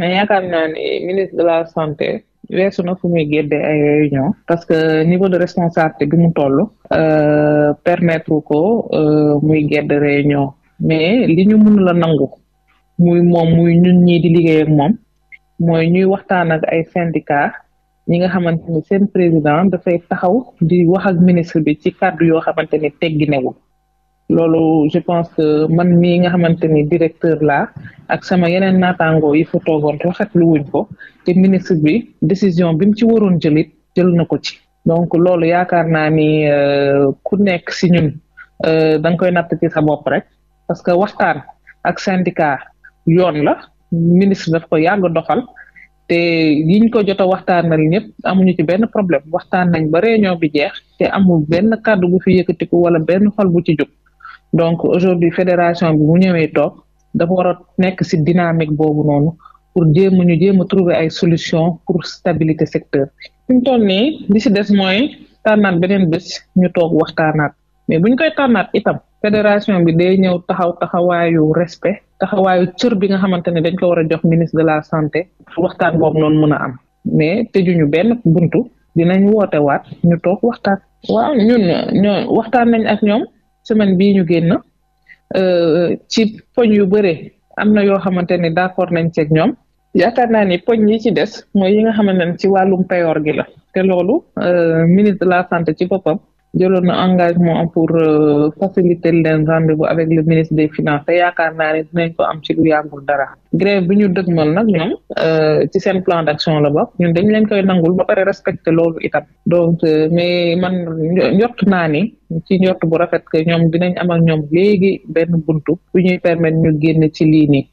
mais yaakaar naa ne ministre de la santé weesu na fu muy gédde ay réunion parce que niveau de responsabilité bi mu toll euh, permettre ko euh, muy gédde réunion mais li ñu mënu la nangu muy moom muy ñun ñii di liggéey ak moom mooy ñuy waxtaan ak ay syndicat ñi nga xamante ni seen président dafay taxaw di wax ak ministre bi ci kàddu yoo xamante ni tegginewul loolu je pense que man mii nga xamante ni directeur laa ak sama yeneen naataangoo yi fa toogoon rafetlu wuñ ko te ministre bi décision bi mu ci waroon jëlit jël na ko ci donc loolu yaakaar naa ni euh, ku nekk si ñun euh, da nga koy natt ci sa bopp rek parce que waxtaan ak syndicat yoon la ministre daf ko yàgg doxal te yiñ ko jot a waxtaanal ñëpp amuñu ci benn problème waxtaan nañ ba réunion bi jeex te amul benn kàddu bu fi yëkkatiku wala benn xol bu ci jóg donc aujourd'hui fédération bi mu ñëwee toog dafa war a nekk ci dynamique boobu noonu pour jéem ñu jéem a trouver ay solution pour stabilité secteur bi fi mu toll nii li ci des mooy tànnaat beneen bés ñu toog waxtaanaat mais bu koy tànnaat itam fédération bi day ñëw taxaw taxawaayu respect taxawaayu cër bi nga xamante ne dañ ko war a jox ministre de la santé waxtaan boobu noonu mën a am mais tëjuñu benn buntu dinañ woote waat ñu toog waxtaan waaw ñun ñoo waxtaan nañ ak ñoom semaine bii ñu génn euh, ci poñ yu bëre am na yoo xamante ni d'accord nañ ceeg ñoom yaakaar naa ni poñ yi ci des mooy yi nga xamante ne ci wàllum payoor gi la te loolu euh, ministre de la santé ci boppam jëloon na engagement pour euh, faciliter leen rendez-vous avec le ministre des finances te yaakaar naa ne dinañ ko am ci lu yàggul dara grève bi ñu dëgmal nag ñoom euh, ci seen plan d'action la bokk ñun dañ leen koy nangul ba pare respecter loolu itam donc euh, mais man njort naa ni ci njort bu rafet que ñoom dinañ am ak ñoom léegi benn buntu bu ñuy permettre ñu génn ci lii nii